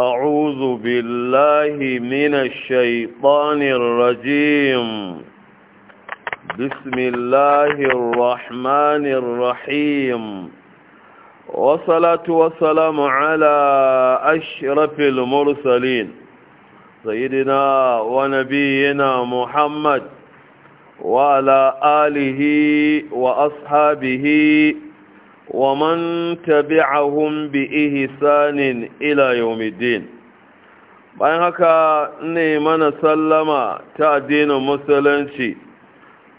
أعوذ بالله من الشيطان الرجيم بسم الله الرحمن الرحيم وصلاة وسلام على أشرف المرسلين سيدنا ونبينا محمد وعلى آله وأصحابه ومن تبعهم بإحسان إلى يوم الدين bayan haka ne mana sallama ta addinin musulunci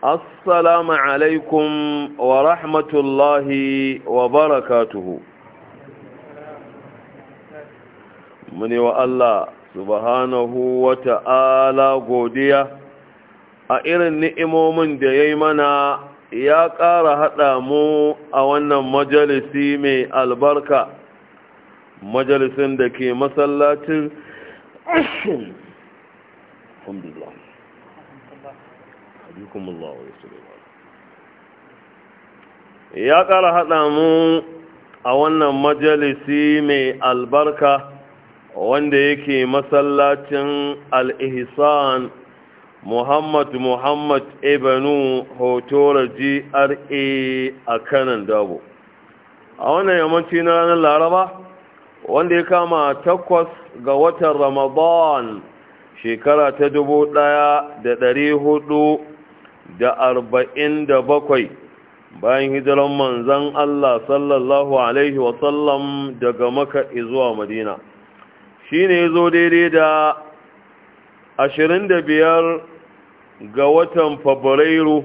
assalamu alaikum wa rahmatullahi wa barakatuhu muni wa Allah subhanahu wa ta'ala godiya a irin ni'imomin da ya yi mana ya ƙara haɗa mu a wannan majalisi mai albarka majalisin da ke masallacin ya ƙara haɗa mu a wannan majalisi mai albarka wanda yake masallacin al-ihsan muhammad muhammad ibanu hotora gra a kanan dabo a wannan yammaci na ranar laraba wanda ya kama takwas ga watan ramadan shekara ta dubu ɗaya da dari hudu da arba'in da bakwai bayan hijiran manzan allah sallallahu alaihi wasallam daga maka zuwa madina shi ne zo daidai da ashirin da biyar ga watan fabrairu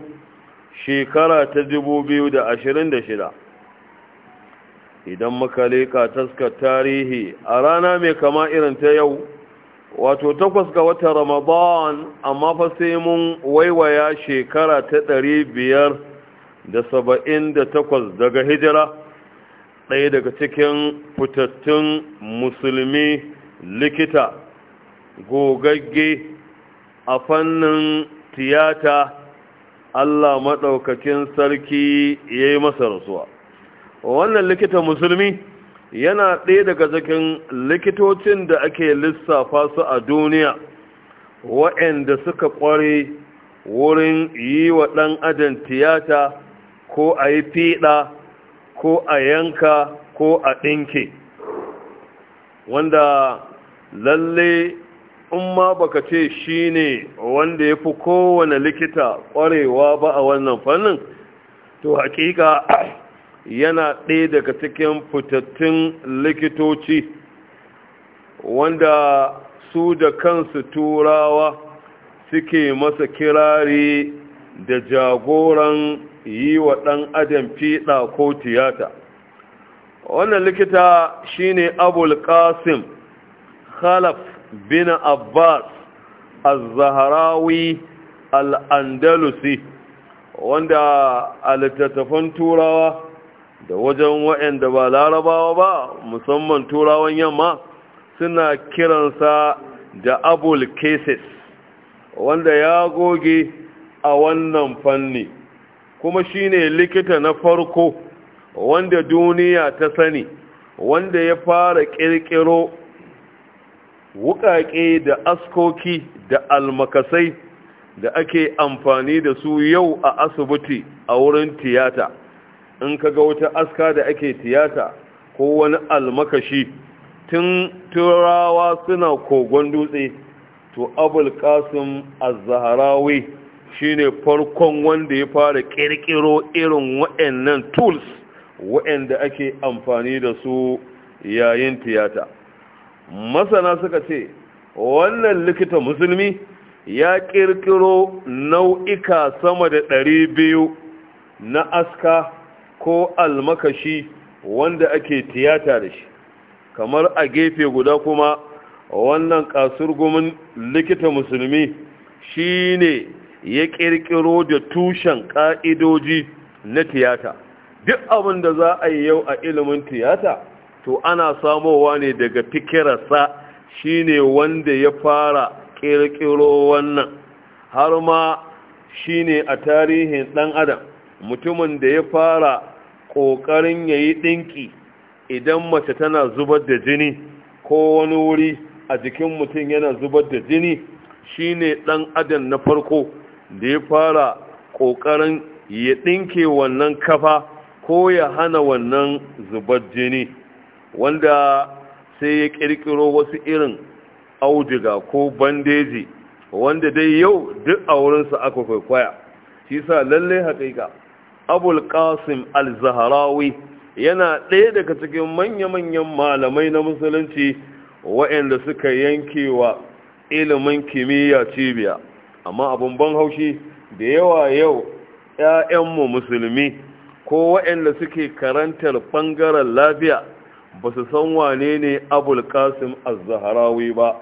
shekara ta dubu biyu da ashirin da shida idan muka leƙa taskar tarihi a rana mai kama irin ta yau wato takwas ga watan ramadan amma fa sai mun waiwaya shekara ta ɗari biyar da saba'in da takwas daga hijira ɗaya daga cikin fitattun musulmi likita gogagge a fannin tiyata Allah maɗaukakin sarki ya yi masa rasuwa wannan likita musulmi yana ɗaya daga cikin likitocin da ake lissafa su a duniya waɗanda suka ƙware wurin yi wa ɗan adam tiyata ko a yi fiɗa ko a yanka ko a ɗinke wanda lalle in ma baka ce shi ne wanda ya fi kowane likita ƙwarewa ba a wannan fannin to hakika yana ɗaya daga cikin fitattun likitoci wanda su da kansu turawa suke masa kirari da jagoran yi wa ɗan adam fiɗa ko tiyata wannan likita shine abul Abulƙasim khalaf bin abbas al-zaharawi al-andalusi wanda a littattafan turawa da wajen waɗanda ba larabawa ba musamman turawan yamma suna kiransa da abul cases wanda ya goge a wannan fanni kuma shine likita na farko wanda duniya ta sani wanda ya fara ƙirƙiro wuƙaƙe da askoki da almakasai da ake amfani da su yau a asibiti a wurin tiyata in ka ga wata aska da ake tiyata ko wani almakashi tun turawa suna kogon dutse to abul kasim az-zaharawi shine farkon wanda ya fara kirkiro irin waɗannan tools waɗanda ake amfani da su yayin tiyata masana suka ce wannan likita musulmi ya kirkiro nau'ika sama da ɗari biyu na aska ko almakashi wanda ake tiyata da shi kamar a gefe guda kuma wannan kasurgumin likita musulmi shi ne ya kirkiro da tushen ka'idoji na tiyata duk abin da za a yi yau a ilimin tiyata to ana samowa ne daga fikirarsa shine wanda ya fara ƙirƙiro wannan har ma shine a tarihin ɗan adam mutumin da ya fara ƙoƙarin ya yi ɗinki idan mace tana zubar da jini ko wani wuri a jikin mutum yana zubar da jini shine ɗan adam na farko da ya fara ƙoƙarin ya ɗinke wannan kafa ko ya hana wannan zubar jini wanda sai ya kirkiro wasu irin auduga ko bandeji wanda dai yau duk a wurinsa aka kwaikwaya shi sa lallai haƙiƙa abul qasim al-zahrawi yana ɗaya daga cikin manya-manyan malamai na musulunci waɗanda suka yanke wa ilimin kimiyya cibiya amma abin ban haushi da yawa yau 'ya'yanmu musulmi ko waɗanda suke karantar ɓangaren lafiya ba su san wane ne abul kasim az-zahrawi ba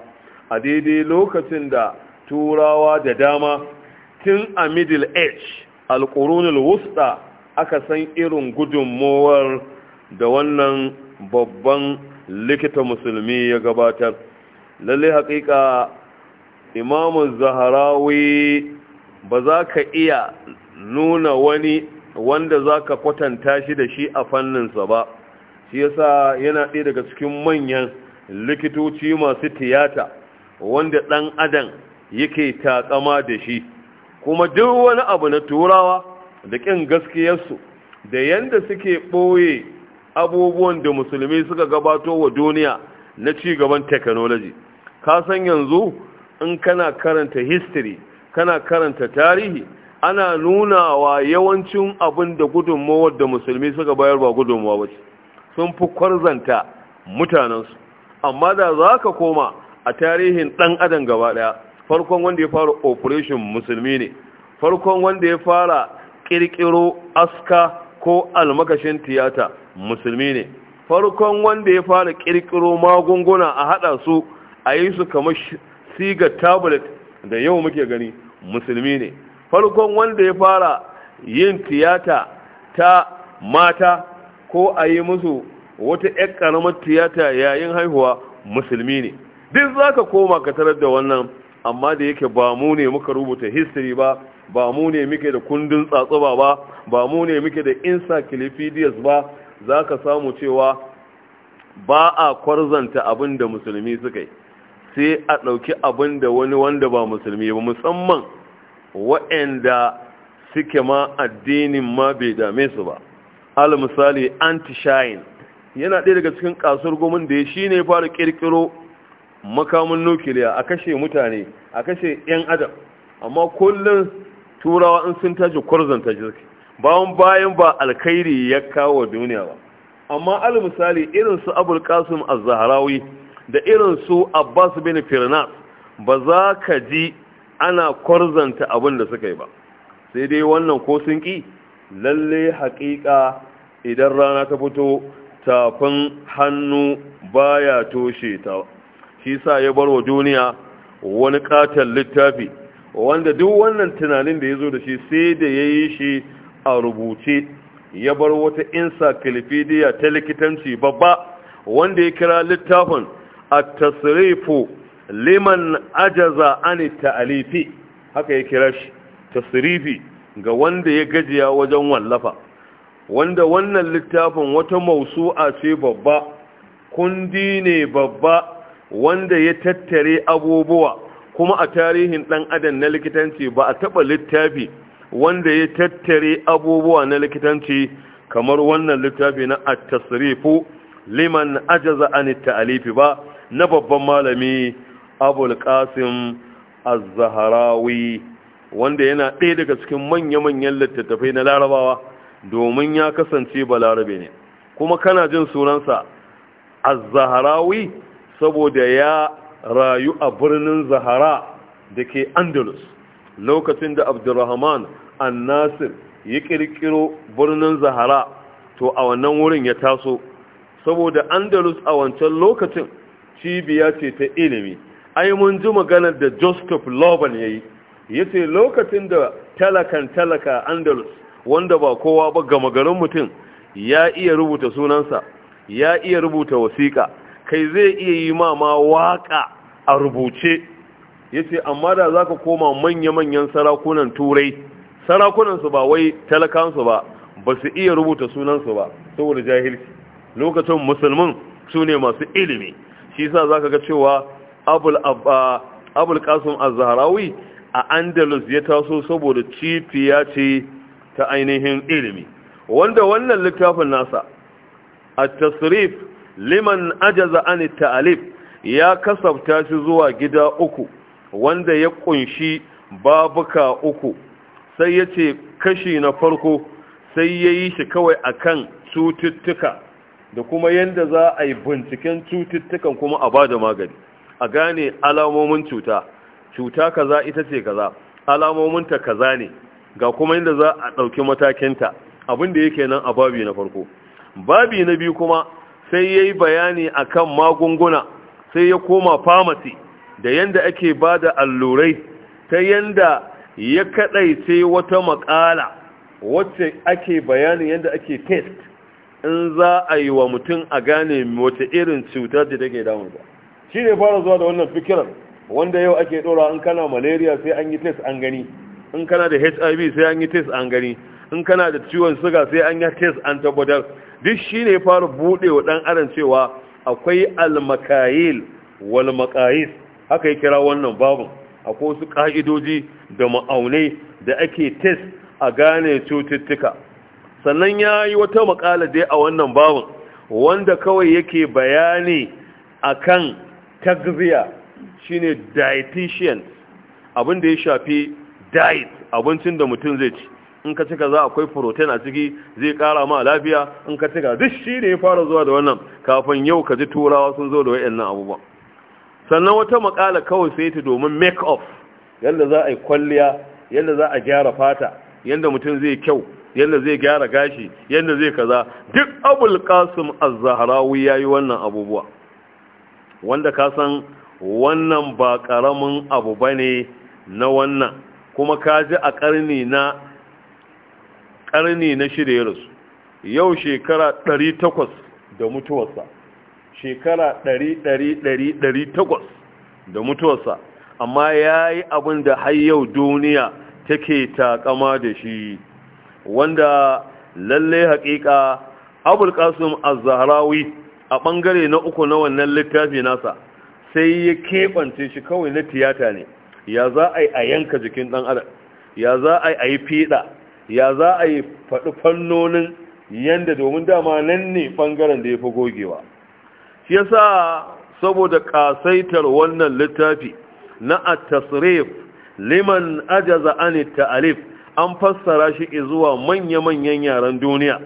a daidai lokacin da turawa da dama tun a middle age al-qurunul wusta aka san irin gudunmowar da wannan babban likita musulmi ya gabatar lalle haƙiƙa imamu zaharawi ba za ka iya nuna wani wanda za ka kwatanta shi da shi a fanninsa ba shi yasa yana ɗaya daga cikin manyan likitoci masu tiyata wanda ɗan adam yake takama da shi kuma duk wani abu na turawa da ƙin gaskiyarsu da yanda suke ɓoye abubuwan da musulmi suka gabato wa duniya na cigaban gaban technology ka san yanzu in kana karanta history kana karanta tarihi ana nunawa yawancin abin da gudunmawar da musulmi suka bayar ba gudunmawa ba sun fi kwarzanta mutanensu amma da za ka koma a tarihin ɗan adam gaba ɗaya farkon wanda ya fara operation musulmi ne farkon wanda ya fara ƙirƙiro aska ko almakashin tiyata musulmi ne farkon wanda ya fara ƙirƙiro magunguna a haɗa su a yi su kamar siga tablet da yau muke gani musulmi ne farkon wanda ya fara yin tiyata ta mata ko a yi musu wata 'yar karamar tiyata yayin haihuwa musulmi ne duk za ka koma ka tarar da wannan amma da yake ba mu ne muka rubuta history ba ba mu ne muke da kundin tsatsaba ba ba mu ne muke da encyclopedias ba za ka samu cewa ba a kwarzanta abin da musulmi suka yi sai a ɗauki abin da wani wanda ba musulmi ba musamman waɗanda suke ma addinin ma bai dame su ba al misali anti shayin yana ɗaya daga cikin kasuwar gomin da ya shi ne fara ƙirƙiro makamin nukiliya a kashe mutane a kashe 'yan adam amma kullum turawa in sun tashi kwarzanta jirki bayan bayan ba alkhairi ya kawo duniya ba amma al misali irin su abul qasim az-zahrawi da irin su abbas bin firnas ba za ka ji ana kwarzanta abin da suka yi ba sai dai wannan ko sun ki lalle haƙiƙa idan rana ta fito tafin hannu baya toshe ta shi sa ya bar wa duniya wani ƙaton littafi wanda duk wannan tunanin da ya zo da shi sai da ya yi shi a rubuce ya bar wata encyclopedia ta likitanci babba wanda ya kira littafin a tasirifu liman ajaza ani ta'alifi haka ya kira shi tasirifi ga wanda ya gajiya wajen wallafa wanda wannan littafin wata mausu'a ce babba kundi ne babba wanda ya tattare abubuwa kuma a tarihin dan adam na likitanci ba a taba littafi wanda ya tattare abubuwa na likitanci kamar wannan littafi na at-tasrifu liman ajaza an ta'alifi ba na babban malami abul qasim az-zahrawi wanda yana ɗaya daga cikin manya-manyan littattafai na larabawa domin ya kasance ba larabe ne kuma kana jin sunansa a zaharawi saboda ya rayu a birnin zahara da ke andalus lokacin da abdurrahman an-nasir ya ƙirƙiro birnin zahara to a wannan wurin ya taso saboda andalus a wancan lokacin cibiya ce ta ilimi ai mun ji maganar da joseph loban ya yi Ya ce lokacin da talakan talaka andalus wanda ba kowa ba gama garin mutum ya iya rubuta sunansa ya iya rubuta wasiƙa kai zai iya yi ma ma waƙa a rubuce Ya ce amma da za ka koma manya-manyan sarakunan turai sarakunansu ba wai talakansu ba ba su iya rubuta sunansu ba saboda jahilci lokacin musulmin su ne masu ilimi shi sa ka ga cewa abul abul a az-zahrawi a andalus ya taso saboda cibiya ce ta ainihin ilimi wanda wannan littafin nasa a tasirif, liman ajaza an ta'alif ya kasafta shi zuwa gida uku wanda ya kunshi babuka uku sai ya ce kashi na farko sai ya yi shi kawai akan cututtuka da kuma yadda za a yi binciken cututtukan kuma a ba da magani a gane alamomin cuta cuta kaza ita ce kaza alamominta kaza ne ga kuma inda za a ɗauki matakinta abin da yake nan a babi na farko babi na biyu kuma sai ya yi bayani a kan magunguna sai ya koma famasi da yadda ake ba da allurai ta yadda ya kaɗaice wata makala wacce ake bayanin yadda ake test in za a yi wa mutum a gane wace irin cutar da take damunsa shi ne fara zuwa da wannan fikirar wanda yau ake dora in kana malaria sai an yi test an gani in kana da hiv sai an yi test an gani in kana da ciwon suga sai an yi test an tabbatar duk shine ne fara buɗe wa ɗan aran cewa akwai almakayil wal makayis haka ya kira wannan babin akwai wasu ƙa'idoji da ma'aunai da ake test a gane cututtuka sannan ya yi wata makala dai a wannan babin wanda kawai yake bayani akan tagziya shine dietitian abin da ya shafi diet abincin da mutum zai ci in ka cika za akwai protein a ciki zai kara ma lafiya in ka cika duk shi ne ya fara zuwa da wannan kafin yau ka ji turawa sun zo da wayannan abubuwan sannan wata makala kawai sai ta domin make up yadda za a yi kwalliya yadda za a gyara fata yadda mutum zai kyau yadda zai gyara gashi yadda zai kaza duk abul kasim az-zahrawi yayi wannan abubuwa wanda ka san wannan ba ƙaramin abu ba ne na wannan kuma ka ji a ƙarni na ƙarni na rasu yau shekara 800 da mutuwarsa shekara 800 da mutuwarsa amma ya yi abin da hayyau duniya take takama da shi wanda lalle haƙiƙa abulkasim az-zahrawi a ɓangare na uku na wannan littafi nasa sai ya keɓance shi kawai na tiyata ne ya za a yi a yanka jikin ɗan adam ya za a yi a yi fiɗa ya za a yi faɗi fannonin yadda domin dama nan ne ɓangaren da ya fi gogewa shi yasa saboda ƙasaitar wannan littafi na a tasrif liman ajaza an ta'alif an fassara shi zuwa manya-manyan yaren duniya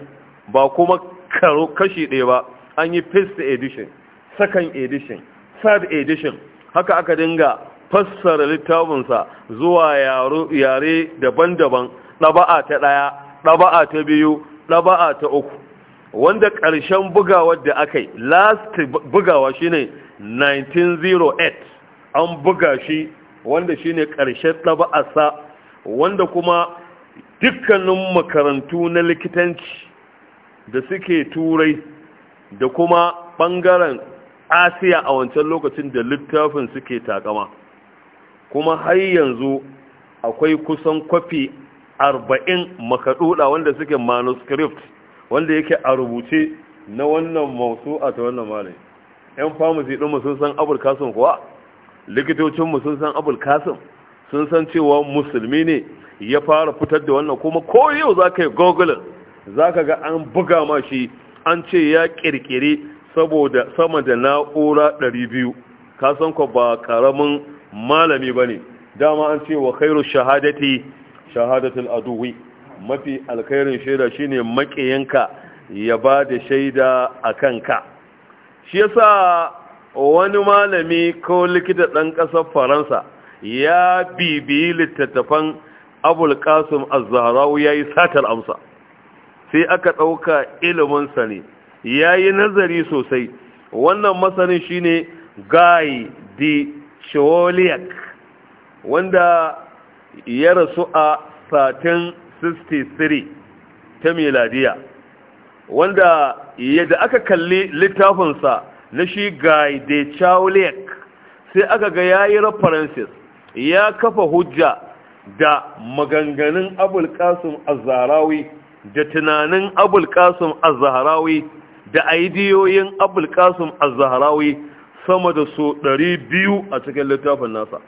ba kuma kashi ɗaya ba an yi first edition second edition third edition haka aka dinga fassara littafinsa zuwa yare daban-daban ɗaba'a ta ɗaya ɗaba'a ta biyu ɗaba'a ta uku wanda ƙarshen bugawar da aka yi last bugawa shine 1908 an buga shi wanda shine ƙarshen ɗaba'arsa wanda kuma dukkanin makarantu na likitanci da suke turai da kuma ɓangaren asiya a wancan lokacin da littafin suke takama kuma har yanzu akwai kusan kwafi arba'in makaduda wanda suke manuscript wanda yake a rubuce na wannan a ta wannan malai yan famasi ɗin sun san abul kasim kuwa likitocinmu sun san abul kasim sun san cewa musulmi ne ya fara fitar da wannan kuma ko yau za ka yi gogulin za ka ga an buga ma shi an ce ya ƙirƙiri saboda sama da na'ura 200 ka san ko ba ƙaramin malami bane dama an ce wa khairu shahadati shahadatul aduwi mafi alkhairin shaida shine makiyanka ya ba da shaida a kanka shi yasa wani malami ko likita ɗan ƙasar faransa ya bibiyi littattafan abul qasim az-zahrawi yayi satar amsa sai aka ɗauka iliminsa ne ya yi nazari sosai wannan masanin shine guy de choliak wanda ya rasu a 1363 ta miladiya wanda yadda aka kalli littafinsa na shi guy de choliak sai aka ga ya yi references ya kafa hujja da maganganun a azarawi da tunanin a azarawi da aidiyoyin abul kasum az-zahrawi sama da su 200 a cikin littafin nasa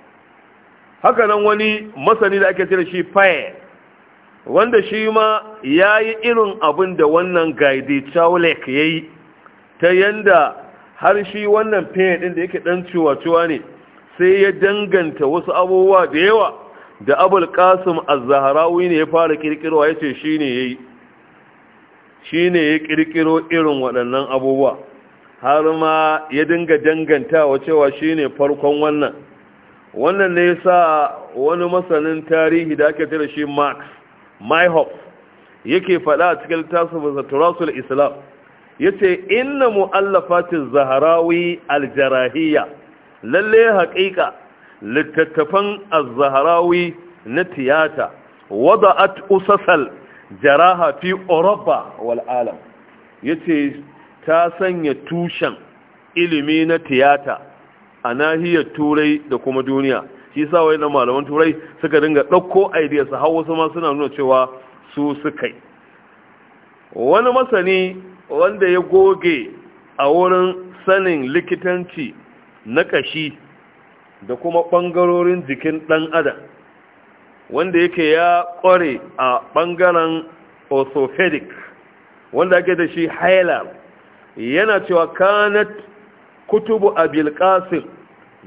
haka nan wani masani da ake cire shi faye wanda shi ma ya yi irin abin da wannan gaidi chaulek ya yi ta yanda har shi wannan faye ɗin da yake ɗan ciwa-ciwa ne sai ya danganta wasu abubuwa da yawa da abul kasum az-zahrawi ne ya fara kirkirwa yace shine yayi shine ya kirkiro irin waɗannan abubuwa har ma ya dinga dangantawa cewa shine farkon wannan wannan ne yasa wani masanin tarihi da ake tare shi Marx MyHop yake faɗa a cikin tasirin Turasul Islam yace inna mu'allafatiz zaharawi al-jarahiyya lalle haƙiƙa littattafan az-zaharawi na tiyata wada'at usasal jaraha fi Europa wal alam yace ta sanya tushen ilimi na tiyata a nahiyar turai da kuma duniya shi sa wai malaman turai suka dinga ɗauko ideas su hau wasu ma suna nuna cewa su suka yi wani masani wanda ya goge a wurin sanin likitanci na kashi da kuma ɓangarorin jikin ɗan adam wanda yake ya kware a bangaren orthopedic wanda ake da shi haila yana cewa kanat kutubu abil qasim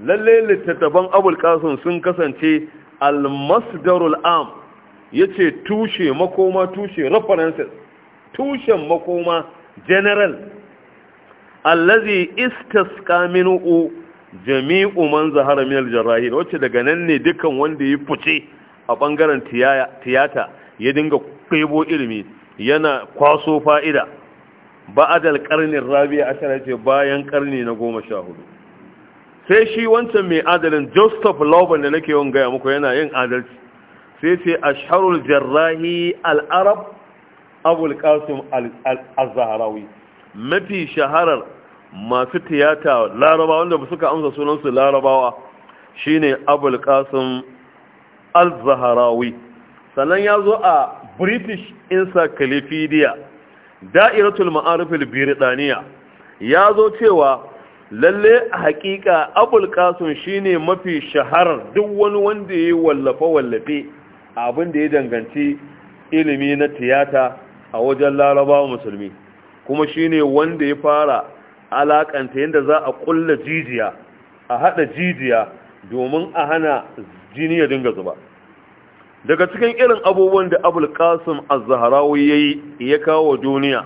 lalle littattafan abul sun kasance almasdarul am am ce tushe makoma tushe references tushen makoma general allazi istasqa minhu jami'u man zahara min al wacce daga nan ne dukan wanda ya fice a ɓangaren tiyata ya dinga kwebo ilimi yana kwaso fa'ida ba'adal ƙarnin rabia ashirar ce bayan ƙarni na goma sha hudu sai shi wancan mai adalin joseph lauban da nake yawan gaya muku yana yin adalci sai ce asharul jarrahi al'arab abul qasim al-zaharawi mafi shaharar masu tiyata larabawa wanda suka amsa sunansu larabawa shine abul qasim al-zaharawi sannan ya zo a british encyclopedia da'iratul ma'arifil biridaniya ya zo cewa lalle a hakika abul kasun shine mafi shaharar duk wani wanda ya wallafe wallafe abin da ya danganci ilimi na tiyata a wajen larabawa musulmi kuma shine wanda ya fara alakanta yadda za a kulla jijiya a hada jijiya domin a hana jini ya dinga zuba daga cikin irin abubuwan da abul qasim az-zahrawi yayi ya kawo duniya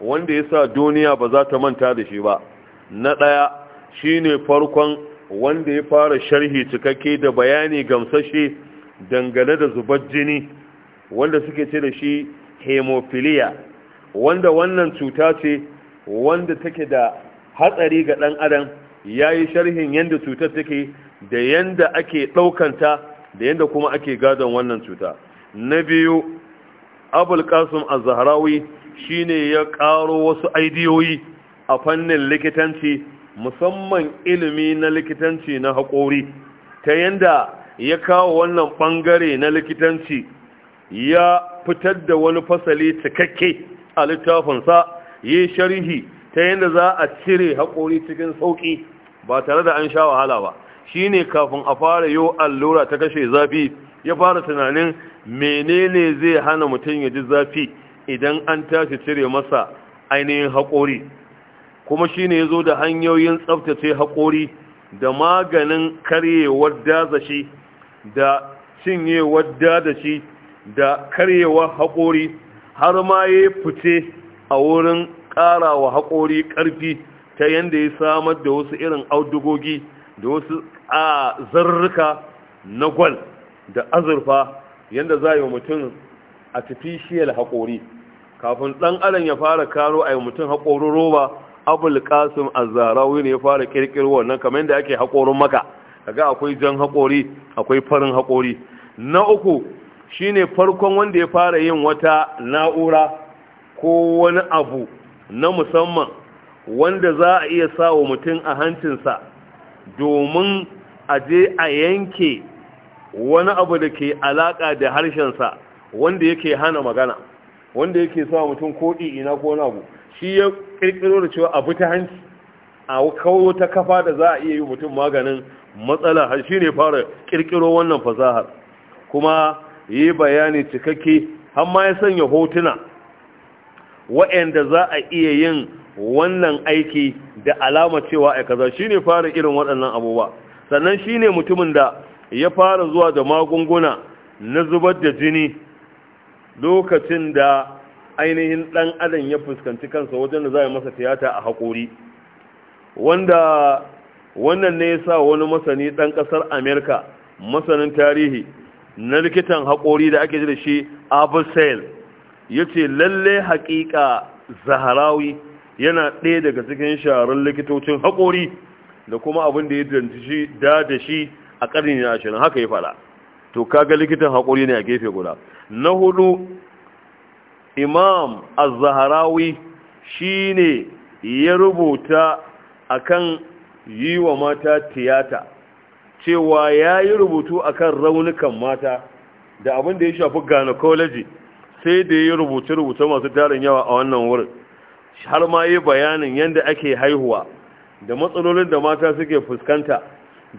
wanda yasa duniya ba za ta manta da shi ba na daya shine farkon wanda ya fara sharhi cikakke da bayani gamsashe dangane da zubar jini wanda suke ce da shi hemophilia wanda wannan cuta ce wanda take da hatsari ga dan adam yayi sharhin yadda cutar take da yanda ake ɗaukanta da yanda kuma ake gadon wannan cuta na biyu abul a az-zahrawi shine ya ƙaro wasu aidiyoyi a fannin likitanci musamman ilimi na likitanci na hakori. ta yanda ya kawo wannan ɓangare na likitanci ya fitar da wani fasali cikakke a littafinsa yi sharhi ta yanda za a cire hakori cikin sauƙi ba tare da an sha wahala ba shine kafin a fara yo allura ta kashe zafi ya fara tunanin menene zai hana mutum ya ji zafi idan an tashi cire masa ainihin haƙori kuma shine ya zo da hanyoyin tsaftace haƙori da maganin karyewar dazashi da cinyewar dazashi da karyewar haƙori har ma ya fice a wurin ƙarawa haƙori ƙarfi ta yadda ya samar da wasu irin audugogi da wasu a zarruka na gwal da azurfa yadda za a yi wa mutum shiyar haƙori kafin ɗan adam ya fara karo a yi mutum haƙorin roba abul kasim zarawi ne ya fara ƙirƙiro wannan kamar yadda ake haƙorin maka ga akwai jan haƙori akwai farin haƙori na uku shine farkon wanda ya fara yin wata na'ura ko wani abu na musamman wanda za a iya sa wa mutum a hancinsa domin a je a yanke wani abu da ke alaƙa da harshensa wanda yake hana magana wanda yake sa mutum ko ina ko nagu shi ya ƙirƙiro da cewa abu ta hanci a kawo ta kafa da za a iya yi mutum maganin matsala har shi ne fara ƙirƙiro wannan fasahar kuma yi bayani cikakke har ma ya sanya hotuna waɗanda za a iya yin wannan aiki da alama cewa a kaza shi ne fara irin waɗannan abubuwa sannan shi ne mutumin da ya fara zuwa da magunguna na zubar da jini lokacin da ainihin ɗan adam ya fuskanci kansa wajen da za a masa tiyata a haƙori wanda wannan ne ya sa wani masani ɗan ƙasar amerika masanin tarihi na likitan haƙori da ake ji da shi abusel ya ce lalle haƙiƙa zaharawi yana ɗaya daga cikin shaharar likitocin haƙori da kuma abin da ya dantashi da da shi a ƙarni na ashirin haka ya faɗa. to kaga likitan hakuri ne a gefe guda na hudu imam az-zaharawi shine ya rubuta akan yi wa mata tiyata cewa ya yi rubutu akan raunukan mata da abin da ya shafi gynecology sai da ya rubuce-rubuce masu tarin yawa a wannan wurin har ma yi bayanin yadda ake haihuwa da matsalolin da mata suke fuskanta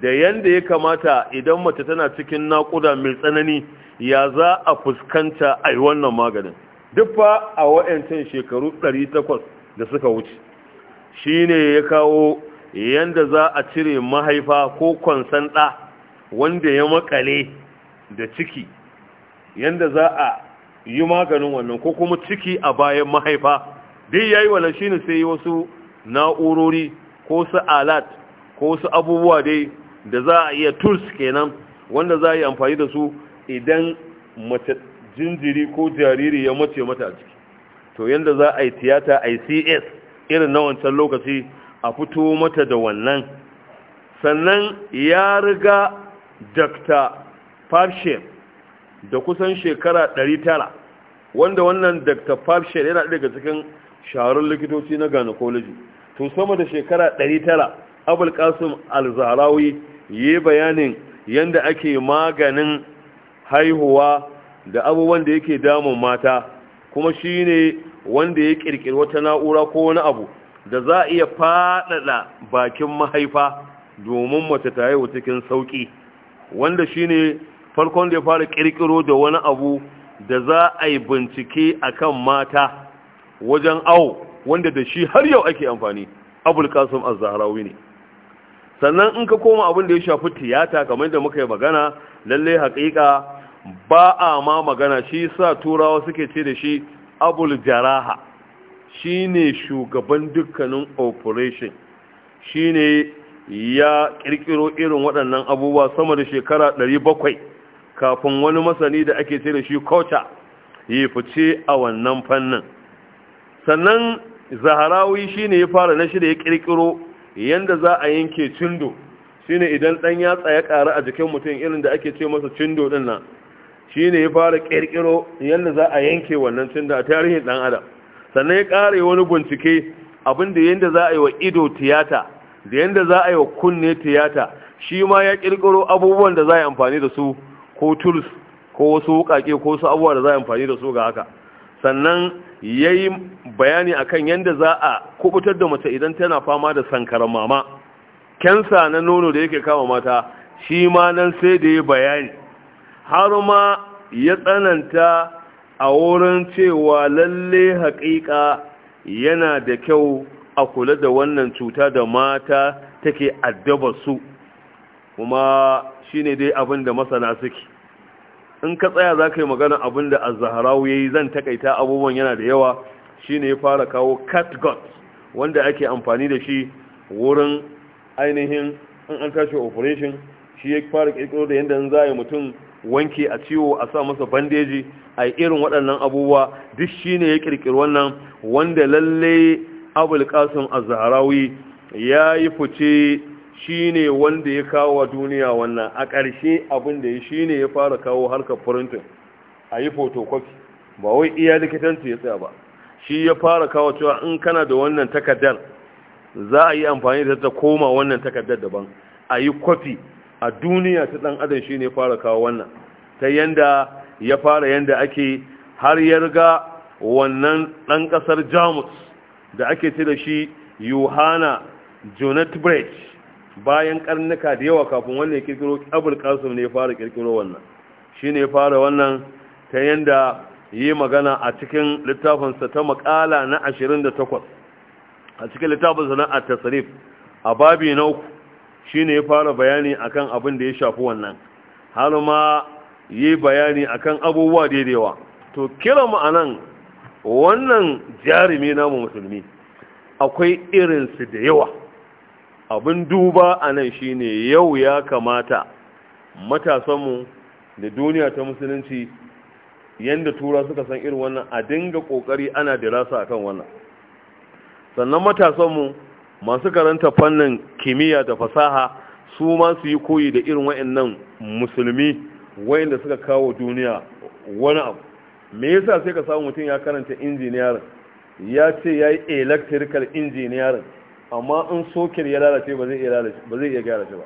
da yanda ya kamata idan mace tana cikin naƙuda mai tsanani ya za a fuskanta a yi wannan maganin duk fa a wa'yancin shekaru 800 da suka wuce shi ne ya kawo yanda za a cire mahaifa ko kwansan wanda ya makale da ciki yanda za a yi maganin wannan ko kuma ciki a bayan mahaifa duk ya yi wannan shi ne sai wasu na'urori ko su alat ko su abubuwa dai da za a iya tools kenan wanda za a yi amfani da su idan mace jinjiri ko jariri ya mace mata a ciki to yanda za a yi tiyata a irin na wancan lokaci a fito mata da wannan sannan ya riga dr farshen da kusan shekara 900 wanda wannan dr farshen yana daga cikin shaharar likitoci na gynecology to sama da shekara 900 abul qasim al-zahrawi yi bayanin yanda ake maganin haihuwa da abubuwan da yake damun mata kuma shine wanda ya kirkiri wata na'ura ko wani abu da za a iya faɗaɗa bakin mahaifa domin mace ta haihu cikin sauƙi wanda shine farkon da ya fara kirkiro da wani abu da za a yi bincike a kan mata wajen awo wanda da shi har yau ake amfani abul kasum az-zahrawi ne sannan in ka koma abin da ya shafi tiyata kamar da muka yi magana lalle haƙiƙa ba a ma magana shi sa turawa suke ce da shi abul jaraha shine shugaban dukkanin operation shine ya kirkiro irin waɗannan abubuwa sama da shekara 700 kafin wani masani da ake ce da shi kocha yi fice a wannan fannin sannan zaharawi ne ya fara na shida ya kirkiro yadda za a yanke cindo shi ne idan dan yatsa ya ƙara a jikin mutum irin da ake ce masa cindo din nan ne ya fara kirkiro yadda za a yanke wannan cindo a tarihin ɗan adam sannan ya ƙare wani bincike abin da za a yi wa ido tiyata da yadda za a yi wa kunne tiyata shi ma ya kirkiro abubuwan da za a yi amfani da su ko tools ko wasu wukake ko wasu abubuwa da za a yi amfani da su ga haka sannan ya yi bayani akan yadda za a kubutar da mace idan tana fama da sankarar mama kensa na nono da yake kama mata shi ma nan sai da ya bayani har ma ya tsananta a wurin cewa lalle haƙiƙa yana da kyau a kula da wannan cuta da mata take addabar su kuma shine dai abin da masana suke in ka tsaya za ka yi magana abin da azahrawi ya yi zan takaita abubuwan yana da yawa shine ya fara kawo catgut wanda ake amfani da shi wurin ainihin in an tashi operation shi ya fara kirkiro da yadda za a yi mutum wanke a ciwo a sa masa bandeji a irin waɗannan abubuwa duk shi ne ya kirkiri wannan wanda lallai abul a zaharawi ya yi fice shine wanda ya kawo wa duniya wannan a ƙarshe abin da shi shine ya fara kawo harkar furintin. a yi fotokofi ba wai iya likitanci ya tsaya ba shi ya fara kawo cewa in kana da wannan takardar za a yi amfani da ta koma wannan takardar daban a yi kwafi a duniya ta ɗan adam shi ne fara kawo wannan ta yanda ya fara yanda ake har yarga wannan ɗan ƙasar jamus da ake ce da shi yohana jonathan bridge bayan karnuka da yawa kafin wannan kirkiro abul kasum ne ya fara kirkiro wannan shi ya fara wannan ta yanda yi magana a cikin littafinsa ta makala na 28 a cikin littafinsa na at a babi na uku shine ya fara bayani akan abin da ya shafi wannan har ma yi bayani akan abubuwa daidaiwa to kira mu wannan jarumi namu musulmi akwai irinsu da yawa abin duba a nan shine yau ya kamata matasanmu da duniya ta musulunci yadda tura suka san irin wannan a dinga kokari ana dirasa akan wannan sannan matasanmu masu karanta fannin kimiyya da fasaha su ma su yi koyi da irin wa'annan musulmi wa'anda suka kawo duniya wani abu me yasa sai ka samu mutum ya karanta injiniyarin ya ce ya yi electrical engineering amma in sokin ya lalace ba zai iya gyara shi ba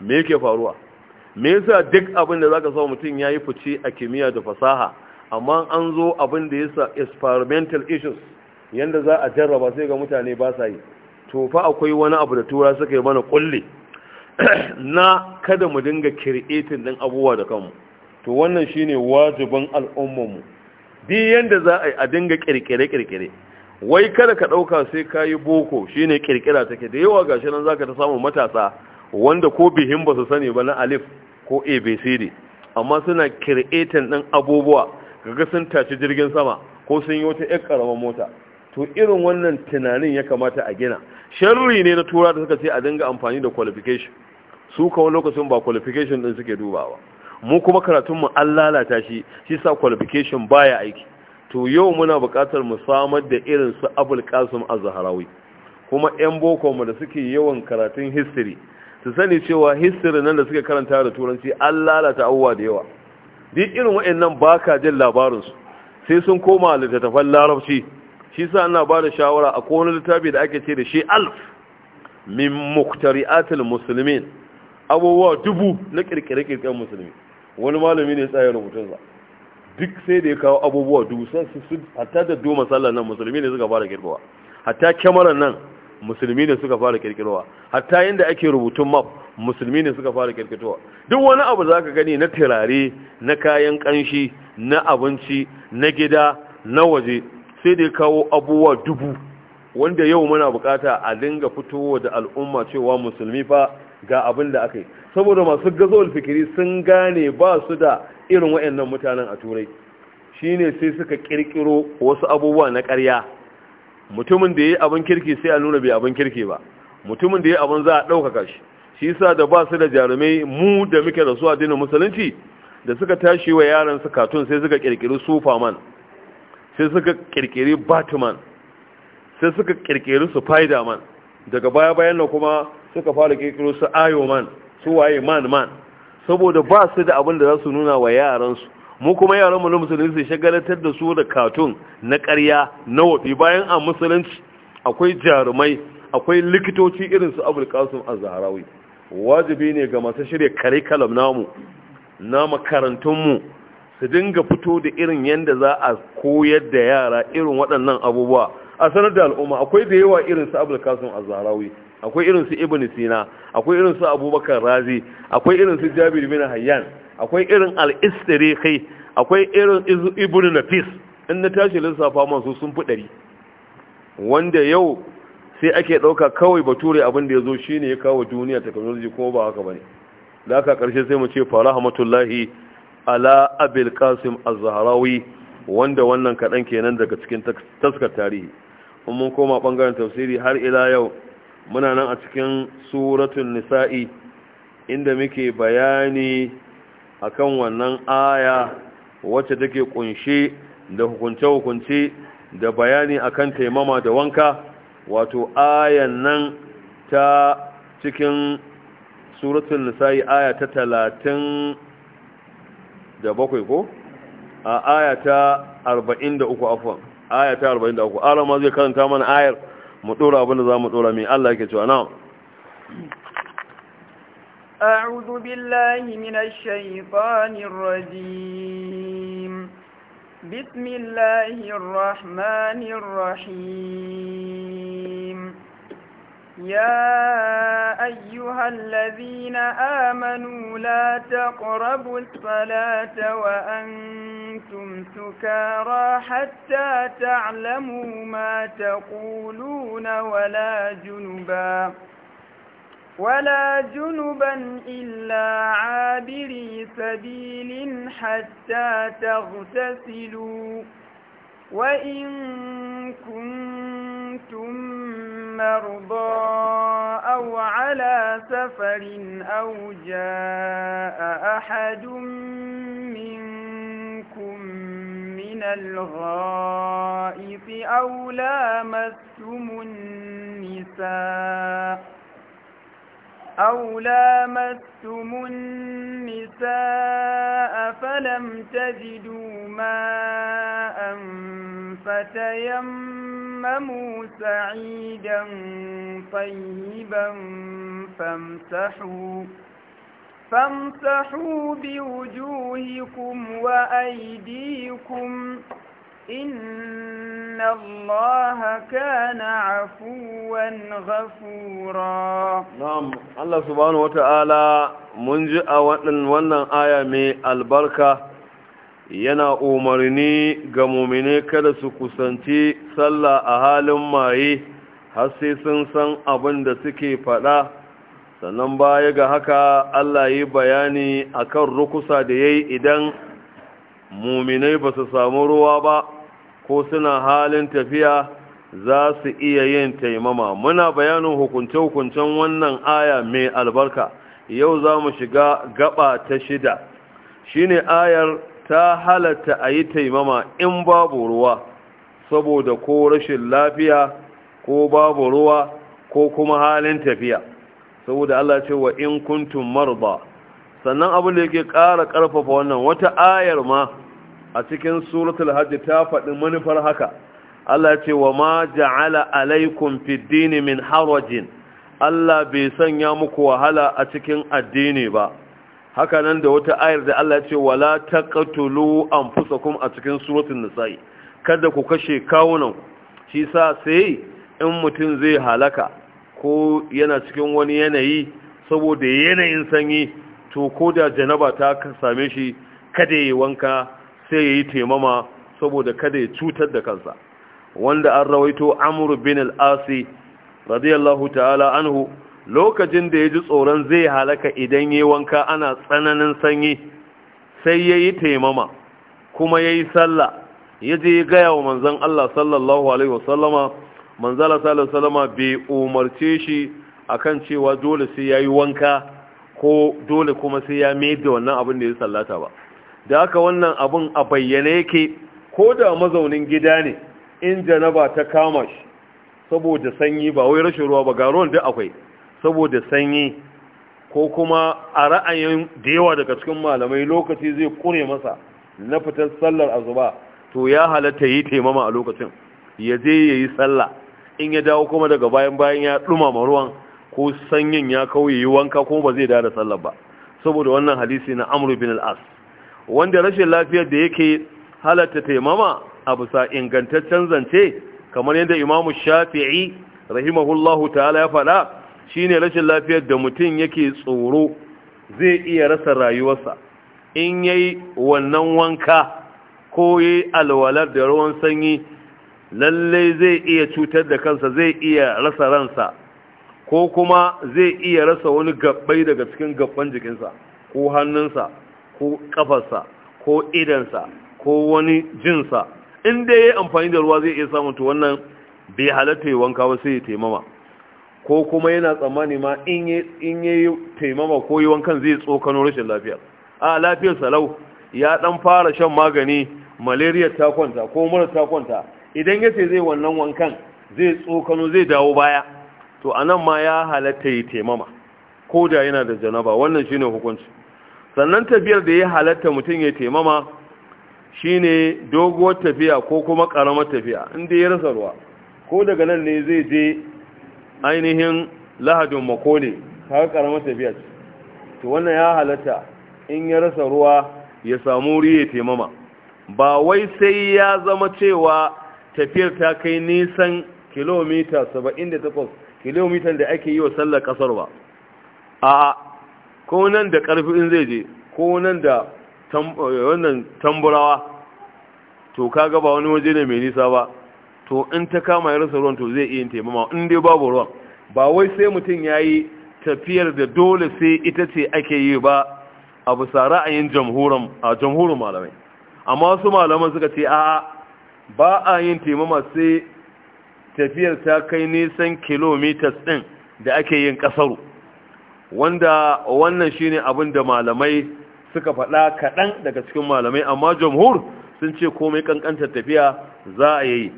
me yake faruwa me yasa duk abin da zaka samu mutum yayi fice a kimiyya da fasaha amma an zo abin da yasa experimental issues yanda za a jarraba sai ga mutane ba sa yi to fa akwai wani abu da tura suka yi mana kulle na kada mu dinga creating din abubuwa da kanmu to wannan shine wajibin mu. duk yanda za a dinga kirkire kirkire wai kada ka ɗauka sai ka yi boko shine kirkira take da yawa gashi nan zaka ta samu matasa wanda ko bihin ba su sani ba na alif ko abcd amma suna kiretin ɗin abubuwa ga sun tashi jirgin sama ko sun yi wata 'yar mota to irin wannan tunanin ya kamata a gina sharri ne na tura da suka ce a dinga amfani da qualification su kawo lokacin ba qualification din suke dubawa mu kuma karatun mu an lalata shi shi sa qualification baya aiki to yau muna buƙatar mu samar da irin su abul kasim az-zahrawi kuma yan boko mu da suke yawan karatun history su sani cewa history nan da suke karanta da turanci an lalata abuwa da yawa duk irin waɗannan baka jin labarin su sai sun koma littattafan larabci shi sa ana ba da shawara a kowane littafi da ake ce da shi alf min muktari'atul muslimin abubuwa dubu na kirkire-kirkiren musulmi wani malami ne tsaye sa duk sai da ya kawo abubuwa dubu sai su hatta da doma sallar nan musulmi ne suka fara kirkirowa hatta kyamarar nan musulmi ne suka fara kirkirowa hatta yadda ake rubutun map musulmi ne suka fara kirkirowa duk wani abu za ka gani na turare na kayan kanshi na abinci na gida na waje sai da ya kawo abubuwa dubu wanda yau muna bukata a dinga fitowa da al'umma cewa musulmi fa ga abin da aka yi saboda masu gazo fikiri sun gane ba su da irin wayannan mutanen a turai shine sai suka kirkiro wasu abubuwa na karya mutumin da ya yi abin kirki sai a nuna bai abin kirki ba mutumin da ya abin za a ɗaukaka shi shi sa da ba su da jarumai mu da muke da su addinin musulunci da suka tashi wa yaran su katun sai suka kirkiri superman sai suka kirkiri batman sai suka kirkiri spiderman daga baya bayan nan kuma suka fara kekiro su ayo man su waye man man saboda ba su da abin da za su nuna wa yaransu mu kuma yaran mu na musulunci su shagalatar da su da katun na ƙarya na wafi bayan a musulunci akwai jarumai akwai likitoci irin su abul kasim azharawi wajibi ne ga masu shirya karikalam namu na makarantunmu su dinga fito da irin yadda za a koyar da yara irin waɗannan abubuwa a sanar da al'umma akwai da yawa irin su abul kasim azharawi akwai irin su ibn sina akwai irin su abubakar razi akwai irin su jabir bin hayyan akwai irin al-istarihi akwai irin ibn nafis in na tashi lissafa masu sun fi ɗari wanda yau sai ake ɗauka kawai bature abin da ya zo shi ne ya kawo duniya technology kuma ba haka ba ne da aka ƙarshe sai mu ce fara hamatullahi ala abil kasim azharawi wanda wannan kaɗan kenan daga cikin taskar tarihi mun koma ɓangaren tafsiri har ila yau muna nan a cikin suratun nisa'i inda muke bayani akan wannan aya wacce take kunshe da hukunce-hukunce da bayani akan taimama da wanka wato ayan nan ta cikin suratun nisa'i aya ta talatin da bakwai ko? a aya ta arba'in da uku afon aya ta arba'in da uku alama zai karanta mana ayar mu dora abin da za mu dora mai Allah yake cewa na أعوذ بالله من الشيطان الرجيم بسم الله الرحمن الرحيم يا أيها الذين آمنوا لا تقربوا الصلاة وأنتم سكارى حتى تعلموا ما تقولون ولا جنبا ولا جنبا إلا عابري سبيل حتى تغتسلوا وإن كنتم مرضى أو على سفر أو جاء أحد منكم من الغائط أو لامستم النساء أو لامستم النساء فلم تجدوا ماء فتيمموا سعيدا طيبا فامسحوا فامسحوا بوجوهكم وأيديكم وأيديكم إن الله كان عفوا غفورا نعم الله سبحانه وتعالى منجي أولا ولا آية من البركة yana umarni ga muminai kada su kusanci sallah a halin maye har sai sun san abin da suke faɗa sannan baya ga haka Allah yi bayani akan rukusa da yayi idan muminai ba su samu ruwa ba ko suna halin tafiya za su iya yin taimama muna bayanin hukunce-hukuncen wannan aya mai albarka yau za mu shiga gaba ta shida shine ayar ta halatta a yi taimama in babu ruwa saboda ko rashin lafiya ko babu ruwa ko kuma halin tafiya saboda Allah ce wa in kuntum marba sannan abin da yake ƙara ƙarfafa wannan wata ayar ma a cikin suratul hajji ta faɗi manufar haka Allah ce wa ma ja'ala alaikum fiddini dini min harajin Allah bai sanya muku wahala a cikin addini ba haka nan da wata ayar da Allah ce wala taqtulu anfusakum a cikin suratul nisa'i kada ku kashe kawunan shi sa sai in mutum zai halaka ko yana cikin wani yanayi saboda yanayin sanyi to ko da janaba ta same shi kada yi wanka sai ya yi taimama saboda kada ya cutar da kansa wanda an rawaito amur bin al'asi radiyallahu ta'ala anhu lokacin da ya ji tsoron zai halaka idan ya wanka ana tsananin sanyi sai ya yi taimama kuma ya yi sallah ya je gaya wa manzan Allah sallallahu alaihi wasallama manzala sallallahu wasallama bai umarce shi a kan cewa dole sai ya yi wanka ko dole kuma sai ya mai da wannan abin da ya sallata ba da haka wannan abin a bayyane yake ko da mazaunin gida ne in janaba ta kama shi saboda sanyi ba wai rashin ruwa ba ga ruwan duk akwai saboda sanyi ko kuma a ra'ayin da yawa daga cikin malamai lokaci zai kure masa na fitar sallar azuba to ya halatta yi taimama a lokacin ya je ya yi sallah in ya dawo kuma daga bayan bayan ya dumama ruwan ko sanyin ya kauye yi wanka ko ba zai dawo da sallar ba saboda wannan hadisi na amru bin al-as wanda rashin lafiyar da yake halatta taimama a bisa ingantaccen zance kamar yadda imamu shafi'i rahimahullahu ta'ala ya faɗa shine rashin lafiyar da mutum yake tsoro zai iya rasa rayuwarsa in yayi wannan wanka ko yi alwalar da ruwan sanyi lallai zai iya cutar da kansa zai iya rasa ransa ko kuma zai iya rasa wani gabbai daga cikin gabban jikinsa ko hannunsa ko kafarsa ko idansa ko wani jinsa in dai ya amfani da ruwa zai iya samun to wannan bai halatta ya wanka ba sai ya taimama ko kuma yana tsammani ma in ya taimama ko yi wankan zai tsokano rashin lafiya a lafiyar salau ya dan fara shan magani malaria ta kwanta ko mura ta kwanta idan ya zai wannan wankan zai tsokano zai dawo baya to anan ma ya halatta ya taimama ko da yana da janaba wannan shine hukunci sannan tafiyar da ya halatta mutum ya taimama shine doguwar tafiya ko kuma karamar tafiya inda ya rasa ruwa ko daga nan ne zai je ainihin lahadin makone har karamar tafiya ce to wannan ya halatta in ya rasa ruwa ya samu wuri ya taimama ba wai sai ya zama cewa tafiyar ta kai nisan kilomita 78 kilomitan da ake yi wa sallar kasar ba a ko nan da ƙarfi in zai je ko nan da eh, wannan tamburawa to kaga ba wani waje ne mai nisa ba to in ta kama ya rasa ruwan to zai iya taimama in dai babu ruwan ba wai sai mutum ya yi tafiyar da dole sai ita ce ake yi ba a bisa ra'ayin jamhurin malamai amma wasu malaman suka ce a ba a yin taimama sai tafiyar ta kai nisan kilomitas ɗin da ake yin ƙasaru wanda wannan shine abin da malamai suka faɗa kaɗan daga cikin malamai amma jamhur sun ce komai kankantar tafiya za a yi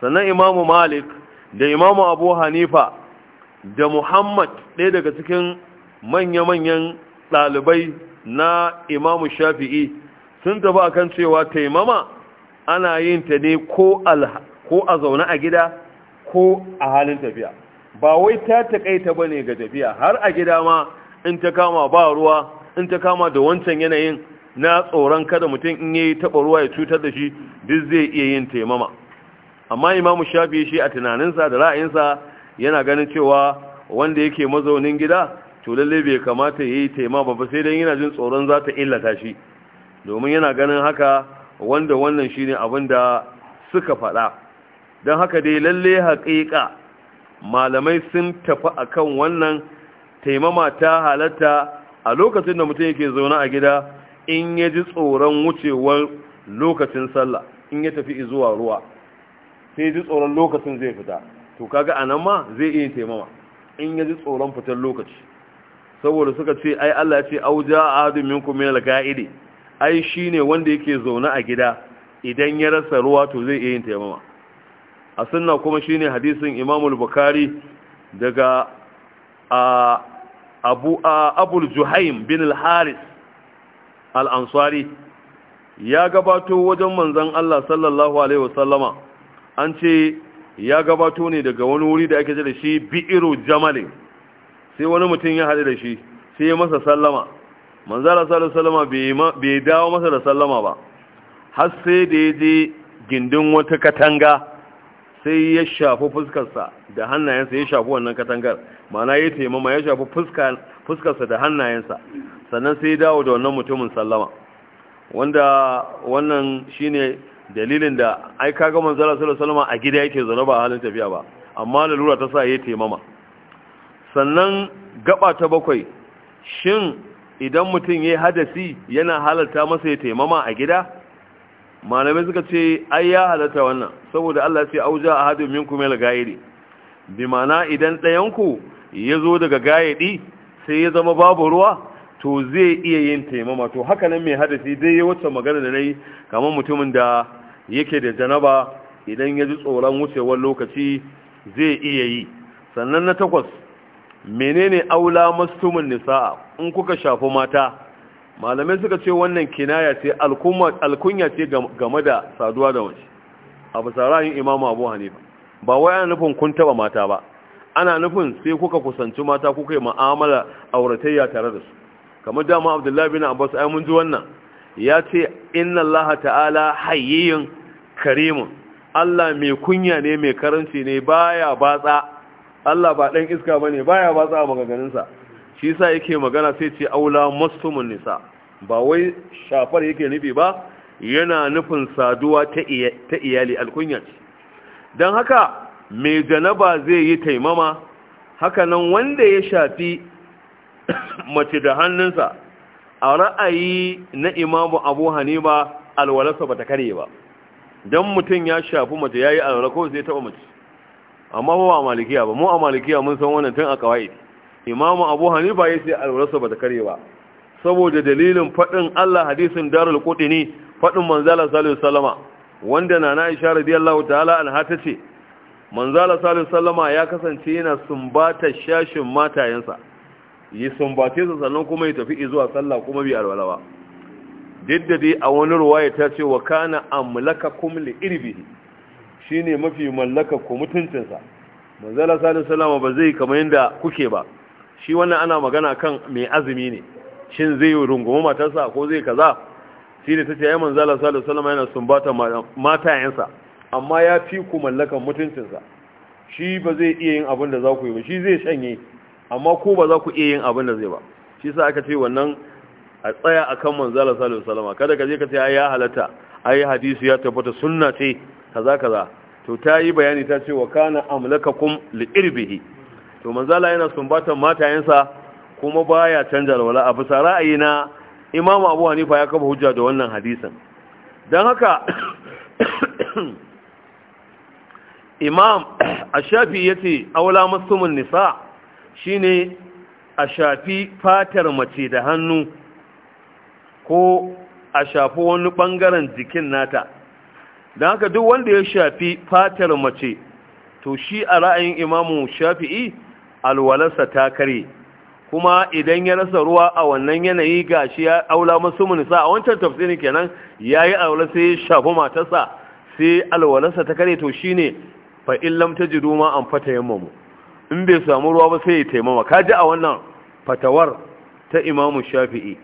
sannan imamu malik da imamu abu hanifa da muhammad ɗaya daga cikin manya-manyan ɗalibai na imamu shafi'i sun tafi akan cewa taimama ana yin ta ne ko a zaune a gida ko a halin tafiya ba wai ta takaita ba ne ga tafiya har a gida ma in ta kama ba ruwa in ta kama da wancan yanayin na tsoron kada mutum in yayi taɓa ruwa ya cutar da shi duk zai iya yin taimama amma imamu shafi shi a tunaninsa da ra'ayinsa yana ganin cewa wanda yake mazaunin gida to lalle bai kamata ya yi taimama ba sai dan yana jin tsoron za ta illata shi domin yana ganin haka wanda wannan shine abin da suka faɗa don haka dai lalle haƙiƙa malamai sun tafi akan wannan taimama ta halatta a lokacin da mutum yake zaune a gida in ya ji tsoron wucewar lokacin sallah in ya tafi zuwa ruwa sai ji tsoron lokacin zai fita to kaga anan ma zai iya taimama in ya ji tsoron fitar lokaci saboda suka ce ai Allah ce auja adu minkum min al-qa'idi ai shine wanda yake zaune a gida idan ya rasa ruwa to zai iya taimama a sunna kuma shine hadisin Imam Al-Bukhari daga abu abul Juhaym bin al-haris al-ansari ya gabato wajen manzan Allah sallallahu alaihi wasallama an ce ya gabato ne daga wani wuri da ake ce da shi bi'iru jamalin sai wani mutum ya haɗu da shi sai ya masa sallama Allah sallallahu sallama bai dawo masa da sallama ba har sai da ya je gindin wata katanga sai ya shafi fuskarsa da hannayensa ya shafi wannan katangar mana ya taimama ya shafi fuskarsa da hannayensa sannan sai ya dawo da wannan mutumin sallama wanda wannan shine dalilin da ai kaga su da sallama a gida yake zaune ba halin tafiya ba amma lalura ta sa ya taimama sannan gaba ta bakwai shin idan mutum ya hadasi yana halarta masa ya taimama a gida malamai suka ce ai ya halatta wannan saboda Allah ce auja ahadun minku mai lagayiri bi ma'ana idan ɗayanku ya zo daga gayadi sai ya zama babu ruwa to zai iya yin taimama to haka nan mai hadasi dai ya wuce magana da yi kamar mutumin da yake da janaba idan ya ji tsoron wucewar lokaci zai iya yi sannan na takwas menene aula mastumin nisa'a in kuka shafi mata malamai suka ce wannan kinaya ce alkunya ce game da saduwa da wace a yin imamu abu hanifa ba wai ana nufin kun taba mata ba ana nufin sai kuka kusanci mata kuka yi ma'amala auratayya tare da su kamar dama abdullahi bin abbas ai mun ji wannan ya ce inna allaha ta'ala hayyiyin karimun allah mai kunya ne mai karanci ne baya batsa allah ba dan iska bane baya batsa a maganganunsa shi yasa yake magana sai ce aula mastumun nisa ba wai shafar yake nufi ba yana nufin saduwa ta iyali alkunyar. don haka mai janaba zai yi taimama hakanan wanda ya shafi mace da hannunsa a ra'ayi na imamu abu haniba alwalarsa ba ta kare ba don mutum ya shafi mace ya yi alwalar kawai sai taba mace amma ba a malikiya ba mu a malikiya mun san wannan tun a kawai imamu abu hanifa ya ce alwarsa ba ta kare ba saboda dalilin faɗin allah hadisin darul kudini faɗin manzala salisu salama wanda na na isha radiyallahu ta'ala anha ta ce manzala salisu salama ya kasance yana sumbata shashin matayensa yi sumbace su sannan kuma ya tafi zuwa sallah kuma bi alwalawa ba duk da dai a wani ruwaya ta ce wa kana amlaka li irbihi shine mafi mallaka ku mutuncinsa manzala salisu salama ba zai kamar yadda kuke ba shi wannan ana magana kan mai azumi ne shin zai rungumi matarsa ko zai kaza shi ne ta ce ya manzo Allah sallallahu alaihi wasallam yana sumbata yansa amma ya fi ku mallakan mutuncinsa shi ba zai iya yin abin da za ku yi ba shi zai shanye amma ko ba za ku iya yin abin da zai ba shi sa aka ce wannan a tsaya akan manzo Allah sallallahu alaihi wasallam kada ka je ka ce ai ya halatta ai hadisi ya tabbata sunna ce kaza kaza to ta yi bayani ta ce wa kana amlakakum li irbihi to manzala yana sumbatan matayensa kuma baya canja alwala a bisa ra'ayi na Imam Abu Hanifa ya kafa hujja da wannan hadisin dan haka Imam Ash-Shafi yace aula muslimun nisa shine a shafi fatar mace da hannu ko a shafi wani bangaren jikin nata don haka duk wanda ya shafi fatar mace to shi a ra'ayin imamu shafi'i alwalarsa ta kare kuma idan ya rasa ruwa a wannan yanayi ga shi ya aula masu munisa a wancan tafsirin kenan yayi aula sai ya shafi matarsa sai alwalarsa ta kare to shine fa illam tajidu ma an fata mu in bai samu ruwa ba sai ya taimama ji a wannan fatawar ta Imam Shafi'i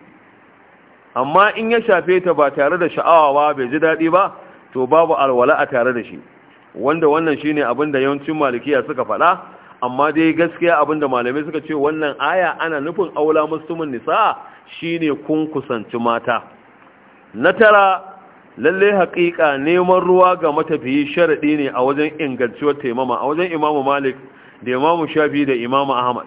amma in ya shafe ta ba tare da sha'awa ba bai ji daɗi ba to babu alwala a tare da shi wanda wannan shine abin da yawancin malikiya suka faɗa amma dai gaskiya abinda malamai suka ce wannan aya ana nufin aula musulmin nisa shine kun kusanci mata na tara lalle haƙiƙa neman ruwa ga matafiyi sharadi ne a wajen ingancewar taimama a wajen imamu malik da imamu shafi da imamu ahmad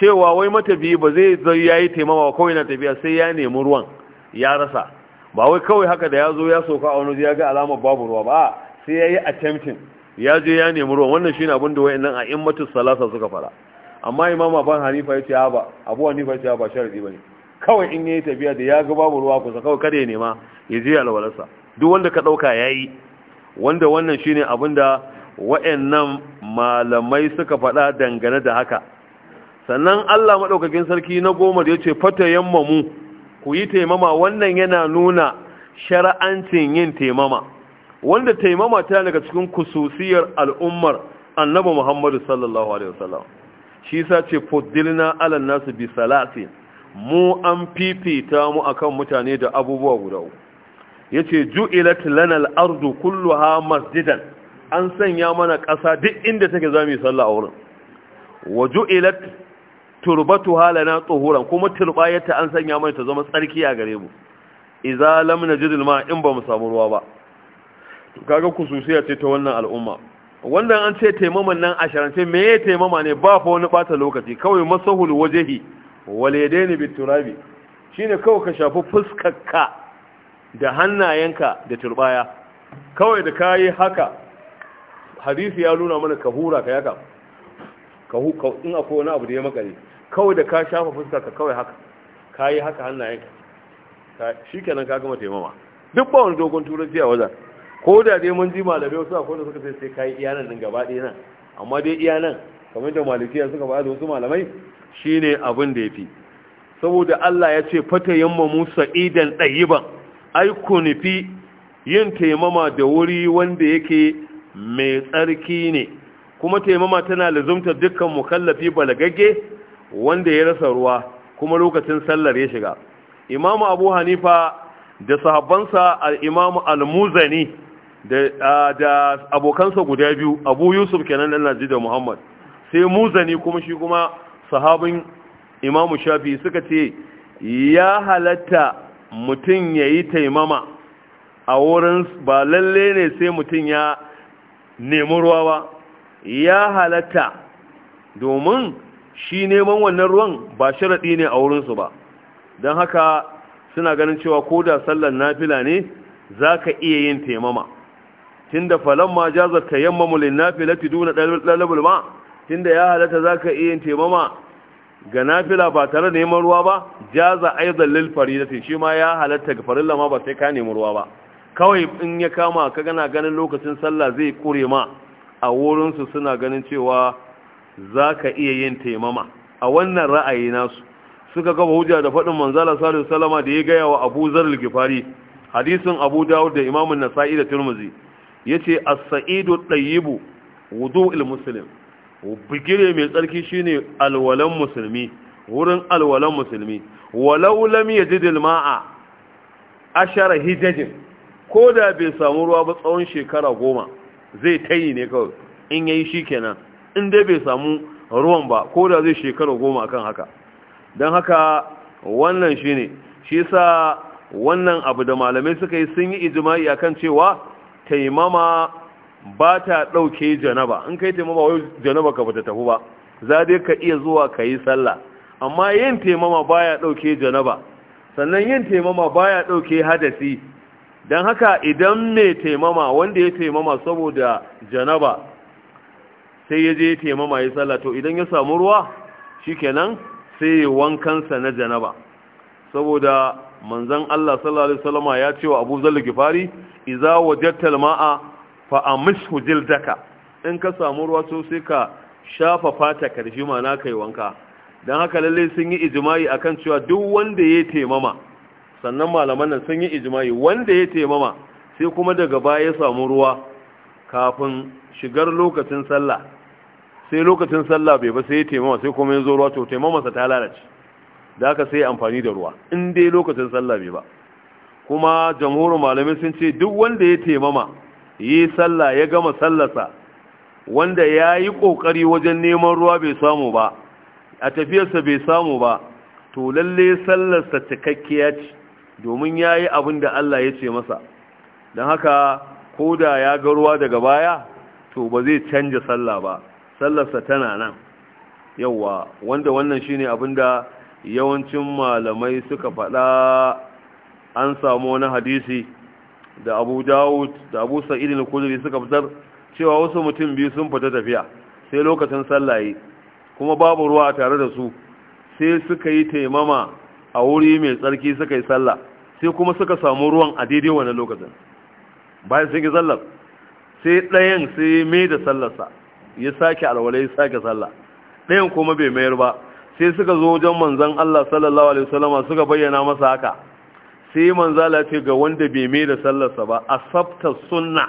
cewa wai matafiyi ba zai zai yayi taimama kawai na tafiya sai ya nemi ruwan ya rasa ba wai kawai haka da ya zo ya sauka a wani ya ga alamar babu ruwa ba sai ya yi attempting ya je ya nemi ruwan wannan shine abin da wayannan immatu salasa suka fara amma imam ban Hanifa yace a ba Abu Hanifa yace a ba sharadi bane kawai in yayi tafiya da ya ga babu ruwa kusa kawai kada ya nema ya je alwalarsa duk wanda ka dauka yayi wanda wannan shine abin da wayannan malamai suka fada dangane da haka sannan Allah madaukakin sarki na goma da yace "Fata yammamu, ku yi taimama wannan yana nuna shar'ancin yin taimama wanda taimama ta daga cikin kususiyar al'ummar annabi Muhammadu sallallahu alaihi wasallam shi sace ce fuddilna ala nasu bi salati mu an fifita mu akan mutane da abubuwa guda uku yace ju'ilat lana al-ardu kulluha masjidan an sanya mana ƙasa duk inda take za mu sallah a wurin wa ju'ilat turbatuha lana tuhuran kuma turbayarta an sanya mana ta zama tsarki a gare mu idza lam najidil ma in ba mu samu ruwa ba kaga kususiya ce ta wannan al'umma wannan an ce taimaman nan a sharance me ya taimama ne ba fa wani bata lokaci kawai masahul wajehi walidaini turabi shine kawai ka shafi fuskarka da hannayenka da turbaya kawai da kayi haka hadisi ya nuna mana ka hura ka yaka ka in akwai wani abu da ya makare kawai da ka shafa fuskarka kawai haka kayi haka hannayenka shikenan ka gama taimama duk ba wani dogon turanci a wajen ko da dai mun ji malamai wasu akwai da suka sai sai kai iya nan gaba ɗaya nan amma dai iya nan kamar da malikiya suka ba da wasu malamai shine abin da yafi saboda Allah ya ce fata yamma Musa idan ɗayiban ai ku nufi yin taimama da wuri wanda yake mai tsarki ne kuma taimama tana lazumta dukkan mukallafi balagagge wanda ya rasa ruwa kuma lokacin sallar ya shiga Imam abu hanifa da sahabbansa al-imamu al-muzani da abokansa guda biyu abu yusuf kenan dan naji da muhammad sai muzani kuma shi kuma sahabin imamu shafi suka ce ya halatta mutum ya yi taimama a wurin ba lalle ne sai mutum ya nemi ruwa ba ya halatta domin shi neman wannan ruwan ba sharaɗi ne a wurinsu ba don haka suna ganin cewa ko da sallar nafila ne za ka iya yin taimama tunda falamma jaza tayammamu linnafilati duna dalalul ma tunda ya halatta zaka iya taimama ga nafila ba tare da neman ruwa ba jaza aidan lil faridatin shi ma ya halatta ga farilla ma ba sai ka nemi ruwa ba kawai in ya kama ka gana ganin lokacin sallah zai kure ma a wurin su suna ganin cewa zaka iya yin taimama a wannan ra'ayi nasu suka gama hujja da faɗin manzala sallallahu alaihi wasallama da ya gaya wa Abu Zarul hadisin Abu Dawud da Imam An-Nasa'i da Tirmidhi yace as-sa'idu tayyibu wudu'il muslim bigire mai tsarki shine alwalan musulmi wurin alwalan musulmi walau lam yajid al a ashara hijajin ko da bai samu ruwa ba tsawon shekara goma zai tayi ne kawai in yayi kenan in dai bai samu ruwan ba ko da zai shekara goma akan haka don haka wannan shine shi yasa wannan abu da malamai suka yi sun yi ijma'i akan cewa taimama ba ta ɗauke janaba in kai taimama wai janaba ka bata tafi ba za dai ka iya zuwa ka yi sallah amma yin taimama baya ɗauke janaba sannan yin taimama baya ɗauke hadasi don haka idan mai taimama wanda ya taimama saboda janaba sai ya je taimama ya sallah to idan ya samu ruwa shi shikenan sai wankansa na janaba saboda Manzan Allah sallallahu alaihi wasallama ya ce wa Abu Zalli Gifari idza wajadta al-ma'a fa amshu jildaka in ka samu ruwa to sai ka shafa fata karfi mana kai wanka dan haka lalle sun yi ijma'i akan cewa duk wanda ya taimama sannan malaman nan sun yi ijma'i wanda ya taimama sai kuma daga baya ya samu ruwa kafin shigar lokacin sallah sai lokacin sallah bai ba sai ya taimama sai kuma ya zo ruwa to taimama sa ta lalace da aka sai amfani da ruwa in dai lokacin sallah bai ba kuma jamhurin malamai sun ce duk wanda ya taimama yi sallah ya gama sallarsa wanda ya yi ƙoƙari wajen neman ruwa bai samu ba a tafiyarsa bai samu ba to lalle sallarsa cikakkiya ce domin ya yi abin da Allah ya ce masa don haka ko da ya ga ruwa daga baya to ba zai canja sallah ba sallarsa tana nan yauwa wanda wannan shine abin da yawancin malamai suka faɗa an samu wani hadisi da abu dawud da abu sa'idin kuduri suka fitar cewa wasu mutum biyu sun fita tafiya sai lokacin sallaye kuma babu ruwa tare da su sai suka yi taimama a wuri mai tsarki suka yi sallah sai kuma suka samu ruwan a daidai wani lokacin bayan sun yi sallar sai ɗayan sai mai da sallarsa ya sake alwala ya sake sallah ɗayan kuma bai mayar ba sai suka zo wajen manzan Allah sallallahu alaihi wasallama suka bayyana masa haka sai manzala ce ga wanda bai mai da sallarsa ba asabta sunna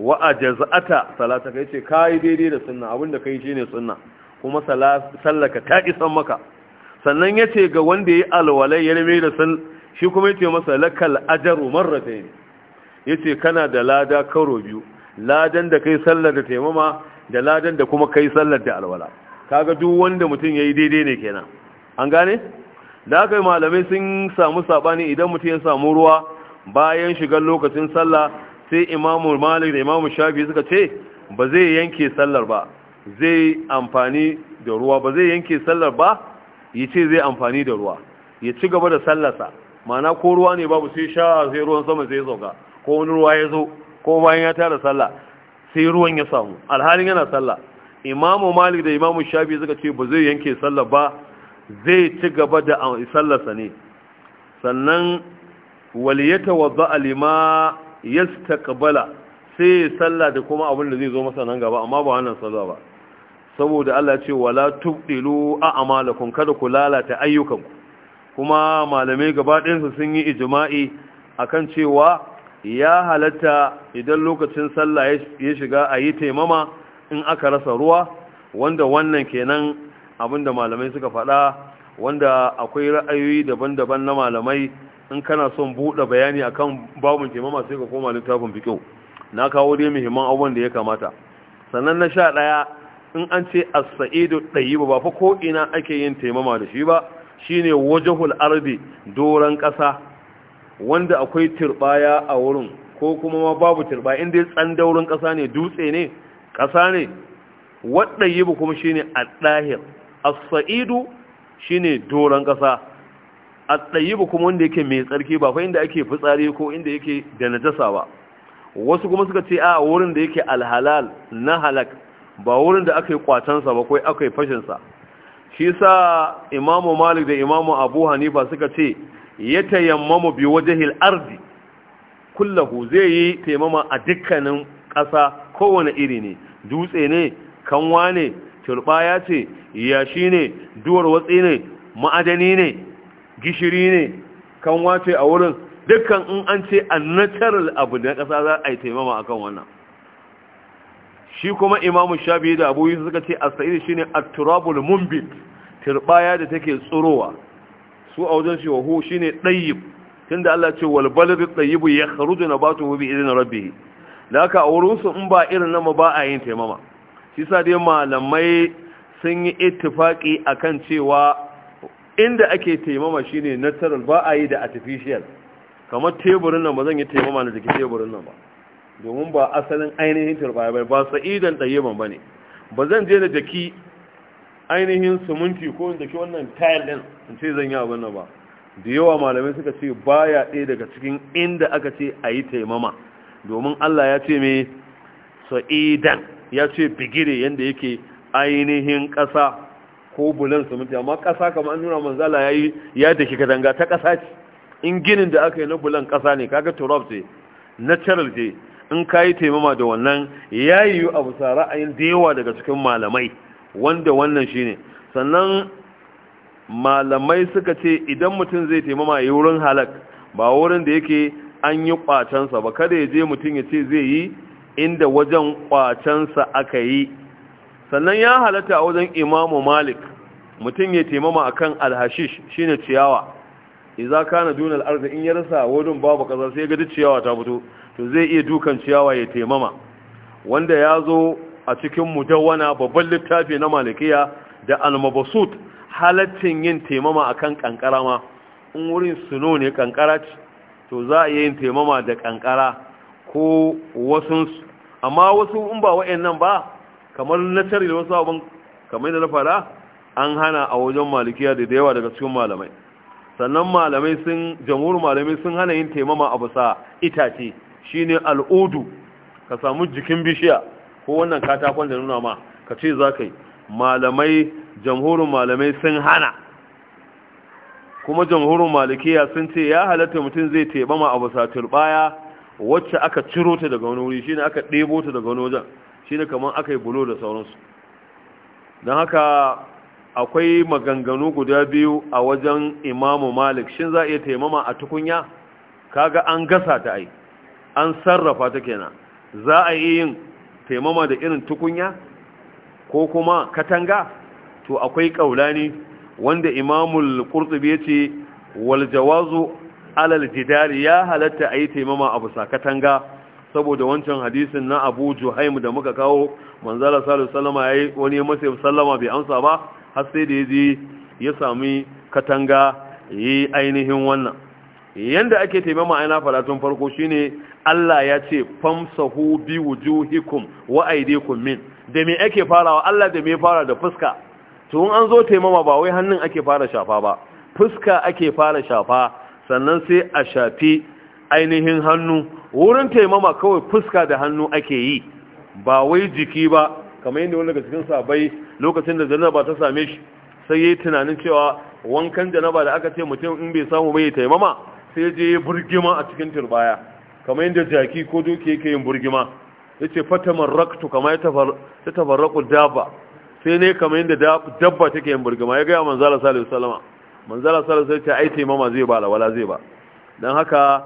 wa ajazata salata kai ce kai daidai da sunna abinda kai shine sunna kuma sallaka ta isan maka sannan yace ga wanda yayi alwalai ya mai da sal shi kuma yace masa lakal ajru marratayn yace kana da lada karo biyu ladan da kai sallar da taimama da ladan da kuma kai sallar da alwala kaga duk wanda mutum yayi daidai ne kenan an gane da yi malamai sun samu sabani idan mutum ya samu ruwa bayan shigar lokacin sallah sai imamu malik da imamu shafi suka ce ba zai yanke sallar ba zai amfani da ruwa ba zai yanke sallar ba ya ce zai amfani da ruwa ya ci gaba da sallarsa mana ko ruwa ne babu sai sha sai ruwan sama sai sauka ko wani ruwa ya zo ko bayan ya tara sallah sai ruwan ya samu alhalin yana sallah imamu malik da imamu shafi suka ce ba zai yanke sallah ba zai ci gaba da ah, sallarsa ne sannan waliyata wadda alima ya sai sallah da kuma abin da zai zo masa nan gaba amma ba wannan sallah ba saboda Allah ce wala tubdilu a'malakum kada ku lalata ayyukanku kuma malamai gaba sun yi ijma'i akan cewa ya halatta idan lokacin sallah ya shiga a yi taimama in aka rasa ruwa wanda wannan kenan abinda malamai suka faɗa wanda akwai ra'ayoyi daban-daban na malamai in kana son buɗe bayani akan babun kimama sai ka koma littafin kyau, na kawo dai muhimman abubuwan da ya kamata sannan na sha ɗaya in an ce as-sa'idu ɗayi ba fa ko ina ake yin taimama da shi ba shine wajhul ardi doran ƙasa wanda akwai turbaya a wurin ko kuma ma babu turba in dai tsandaurin ƙasa ne dutse ne ƙasa ne bu kuma shine al-dahir as-sa'idu shine doran ƙasa ɗayi dayyibu kuma wanda yake mai tsarki ba fa inda ake fitsari ko inda yake da najasa ba wasu kuma suka ce a wurin da yake al-halal na halak ba wurin da aka yi kwatansa ba kai aka yi fashinsa shi sa imamu malik da imamu abu hanifa suka ce ya tayammamu bi wajahil ardi kullahu zai yi taimama a dukkanin ƙasa kowane iri ne dutse ne kanwa ne turbaya ce yashi ne duwar watsi ne ma'adani ne gishiri ne kanwa ce a wurin dukkan in an ce natural abu da ƙasa za a yi taimama a kan wannan shi kuma imamu shabi da abu yin suka ce a said ne a turabul munbit turbaya da take tsorowa? su a wajen shi wahu shine tun tunda Allah ce walbalar wal baladu na na batu bi na rabbi da haka a wurinsu in ba irin nama ba a yin taimama shi sa dai malamai sun yi ittifaki akan cewa inda ake taimama shine natural ba a yi da artificial kamar teburin nan ba zan yi taimama na jiki teburin nan ba domin ba asalin ainihin turbaya ba ba sa'idan ɗayyaban ba ne ba zan je na jaki ainihin suminti ko da ke wannan tile din in ce zan yi abin nan ba da yawa malamai suka ce baya ɗaya daga cikin inda aka ce a yi taimama domin Allah ya ce mai sa'idan ya ce bigire yadda yake ainihin ƙasa ko bulan mutu amma ƙasa kamar an nuna manzala ya yi ya da danga ta ƙasa ce in ginin da aka yi na bulan ƙasa ne kaga turab ce natural ce in ka yi taimama da wannan ya yi a sa ra'ayin da yawa daga cikin malamai wanda wannan shi ne sannan malamai suka ce idan mutum zai taimama yi wurin halak ba wurin da yake an yi kwacensa ba kada ya je mutum ya ce zai yi inda wajen kwacensa aka yi sannan ya halatta a wajen imamu malik mutum ya taimama akan alhashish shine ciyawa ka na duna arzi in ya rasa wurin babu ƙasa sai gadi ciyawa ta fito to zai iya dukan ciyawa ya taimama wanda ya zo a cikin mudawwana babban littafi na malikiya da almabasut halattin yin taimama akan kankara ma in wurin suno ne kankara ce to za a yin taimama da kankara ko wasunsu amma wasu in ba wa'annan ba kamar na da wasu abin kamar da na fara an hana a wajen malikiya da yawa daga cikin malamai sannan malamai sun jamhur malamai sun hana yin taimama a bisa itace shine al'udu ka samu jikin bishiya ko wannan katakon da nuna ma ka ce za ka yi malamai jamhurin malamai sun hana kuma jamhurin malikiya sun ce ya halatta mutum zai teba ma abu satir baya wacce aka ciro ta daga wani wuri shine aka ɗebo ta daga wani wajen shine kamar aka yi bulo da sauransu don haka akwai maganganu guda biyu a wajen imamu malik shin za a iya taimama a tukunya kaga an gasa ta ai an sarrafa ta kenan za a iya yin taimama da irin tukunya ko kuma katanga to akwai kaulani wanda imamul qurtubi yace wal jawazu alal jidari ya halatta ayi taimama abu sakatanga saboda wancan hadisin na Abu Juhaim da muka kawo manzala sallallahu alaihi ya yayi wani masa sallama bai amsa ba har sai da yaji ya sami katanga yi ainihin wannan yanda ake taimama aina falatun farko shine Allah ya ce famsahu bi wujuhikum wa aidikum min da me ake farawa Allah da me fara da fuska to an zo taimama ba wai hannun ake fara shafa ba fuska ake fara shafa sannan sai a shafi ainihin hannu wurin taimama kawai fuska da hannu ake yi ba wai jiki ba kamar yadda wani daga cikin sabai lokacin da janaba ta same shi sai yi tunanin cewa wankan janaba da aka ce mutum in bai samu bai taimama sai je ya burgima a cikin turbaya kamar yadda jaki ko doki yake yin burgima ya ce yace raktu kamar ya tafarraqu daba sai ne kamar yadda dabba take yin burgama ya gaya manzala salisu salama manzala salisu ya ce ai taimama zai ba alawala zai ba don haka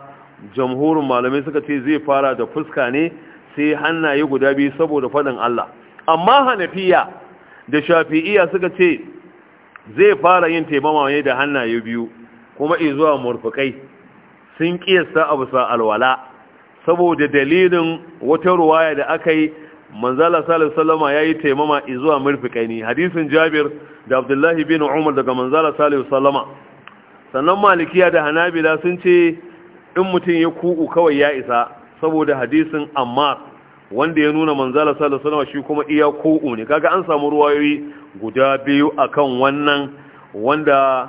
jamhurin malamai suka ce zai fara da fuska ne sai hannaye guda biyu saboda faɗin Allah amma hanafiya da shafi'iya suka ce zai fara yin taimama ne da hannaye biyu kuma izuwa murfukai sun kiyasta abu sa alwala saboda dalilin wata ruwaya da aka yi manzala sallallahu salama ya yi taimama izuwa murfikaini hadisin jabir da abdullahi bin umar daga manzala sallallahu salama sannan malikiya da hanabila sun ce in mutum ya ku'u kawai ya isa saboda hadisin amma wanda ya nuna manzala sallallahu salama shi kuma iya ku'u ne kaga an samu ruwayoyi guda biyu akan wannan wanda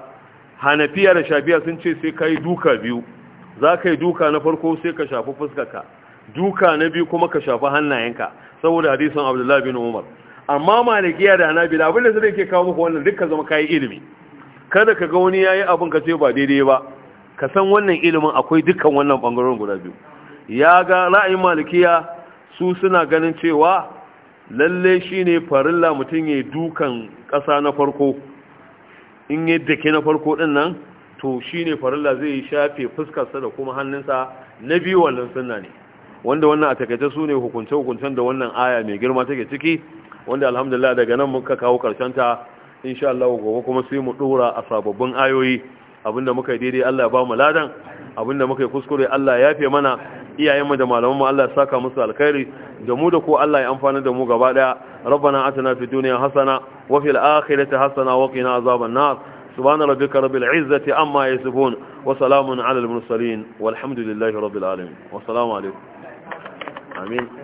hanafiya da shafiya sun ce sai ka yi duka biyu za ka yi duka na farko sai ka shafi fuskarka duka na biyu kuma ka shafi hannayenka saboda hadisin abdullahi bin umar amma malikiya da da abinda zai ke kawo muku wannan dukkan zama kayi ilimi kada ka ga wani ya yi abin ka ce ba daidai ba ka san wannan ilimin akwai dukkan wannan bangaren guda biyu ya ga ra'ayin malikiya su suna ganin cewa lalle shi ne farilla mutum ya dukan ƙasa na farko in yi dake na farko ɗin nan to shi ne farilla zai shafe fuskarsa da kuma hannunsa na biyu wannan sunna ne wanda wannan a takaice su ne hukunce-hukuncen da wannan aya mai girma take ciki wanda alhamdulillah daga nan muka kawo ta insha Allah gobe kuma sai mu dora a sababbin ayoyi abinda muka yi daidai Allah ba mu ladan abinda muka yi kuskure Allah ya yafe mana mu da malamanmu Allah ya saka musu alkhairi da mu da ku Allah ya amfana da mu gaba daya rabbana atina fid dunya hasana wa fil akhirati hasana wa qina azaban nar subhana rabbika rabbil izzati amma yasifun wa salamun alal mursalin walhamdulillahi rabbil alamin wa alaikum amin